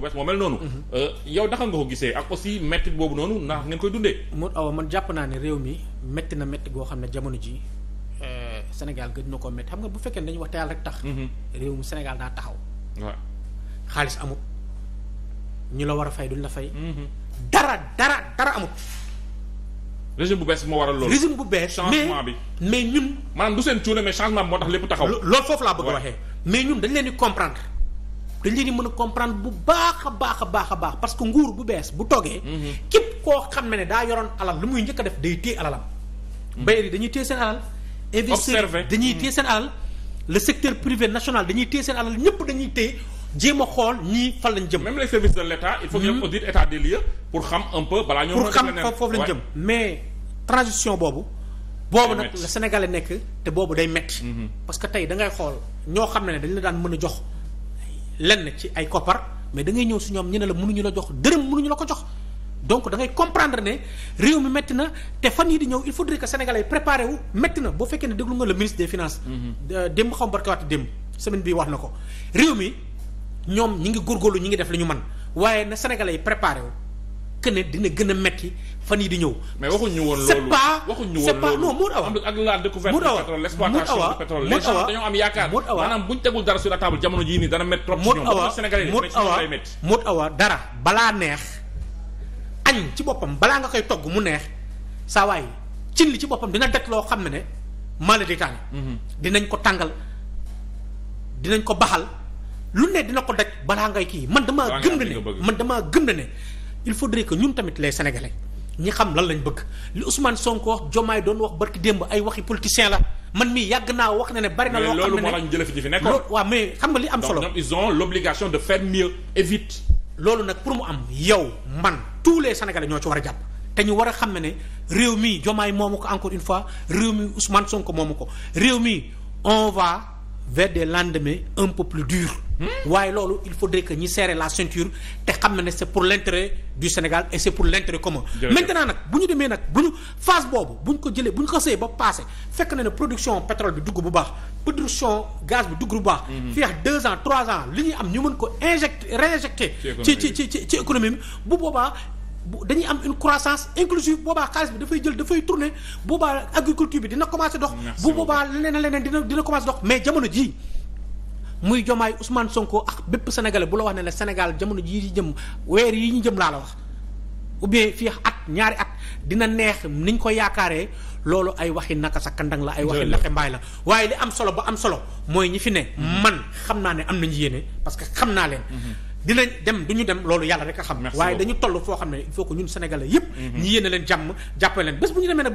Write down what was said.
ku bees moo mel noonu. Euh, yow naka nga ko gisee ak aussi métti boobu noonu ndax ngeen koy dundee. mu aw man jàpp naa ne réew mi métti na métti goo xam ne jamono ji euh, Sénégal gën na koo métti xam nga bu fekkee ne dañuy wax te yàlla rek tax. Mm-hmm. réew mi Sénégal daa taxaw. waaw xaalis amut ñu la war a fay duñ la fay. Mm-hmm. dara dara dara amut. régime bu bees moo waral loolu. régime bu bees changement bi mais mais ñun. maanaam du seen cuune changement bi moo tax lépp taxaw. loolu foofu laa bëgg a waxee mais ñun dañ leen di comprendre. dañ leen di mën a comprendre bu baax a baax a parce que nguur bu bees bu toggee. Mhm. képp koo xam ne daa yoroon alal lu muy njëkk a def day téye alalam. Mhm. baykat yi dañuy téye seen alal. investisseur dañuy mhm. téye seen alal. le secteur privé national dañuy téye seen alal ñëpp dañuy téye. jéem a xool ñii fan lañ jëm. même les services de l' état il faut que pour xam un peu balaa ñoo lañ jëm mais transition boobu. boobu nag la sénégalais nekk te boobu day metti parce que tey da ngay xool ñoo xam ne dañ la daan mën a jox. lenn ci ay koppar mais da ñëw si ñoom ñu ne la mënuñu la jox dërëm mënuñu la ko jox donc da ngay comprendre ne réew mi métti na te fan yi di ñëw il faudrait que sénégal préparé wu metti na boo fekkee ne déglu nga le ministre des finances mm-hmm. euh, démb xaw barkawaati démb semaine bii wax na ko réew mi ñoom ñi ngi góorgóorlu ñi ngi def li ñu mën waaye na sénégal yi préparé wu que dina gën a fan yi di ñëw. mais waxuñu woon loolu c'est pas c'est pas non Mour Awa. ak la découverte du pétrole l'exploitation du pétrole. les gens dañoo am yaakaar. Mour Awa maanaam buñ tegul dara dara balaa neex. añ ci boppam balaa nga koy togg mu neex saa waay cin li ci boppam dina dëkk loo xam ne ne mala di mhm. dinañ ko tàngal dinañ ko baxal lu ne dina ko daj balaa ngay kii man damaa gëm na ne man damaa gëm na ne il faudrait que ñun tamit les sénégalais ñi xam lan lañ bëgg li Ousmane Sonko wax Jomaay doon wax barki démb ay waxi politicien la man mii yàgg naa wax na ne bari na. loolu moo la ñu jëlee fi ñu fi nekkoon. waaw mais xam nga li am solo de faire mieux et vite. loolu nag pour mu am yow man tous les sénégalais ñoo ci war a jàpp te ñu war a xam ne ne réew mi Jomaay moomu ko encore une fois réew mi Ousmane Sonko moomu ko réew mi on va vers des lendemains un peu plus durs. waaye loolu il faudrait que ñi serrer la ceinture te xam na ne c'est pour l'intérêt du Sénégal et c'est pour l'intérêt commun maintenant nag bu ñu demee nag bu ñu phase boobu bu ñu ko jëlee bu ñu ko sëyee ba passé fekk na ne production pétrole bi dugg bu baax production gaz bi dugg bu baax mhm. fii ak deux ans trois ans li ñuy am ñu mën ko injecté réinjecté ci ci ci ci économie bi bu boobaa dañuy am une croissance inclusive boobaa xaalis bi dafay jël dafay tourner boobaa agriculture bi dina commencer dox bu boobaa leneen leneen dina dina commencer mais jamono jii muy jomaay Ousmane Sonko ak bépp sénégalais bu la wax ne la Sénégal jamono jii di jëm weer yi ñu jëm laa la wax ou bien fii at ñaari at dina neex niñ ko yaakaaree loolu ay waxi naka sa kandang la ay waxi laxe mbaay la waaye li am solo ba am solo mooy ñi fi ne mhm. man xam naa ne am nañu yéene parce que xam naa leen mhm. dinañ dem du ñu dem loolu yàlla rek a xam waaye dañu toll foo xam ne il faut que ñun sénégalais yépp mhm. ñi yéene leen jàmm jàppale leen bés bu ñu demee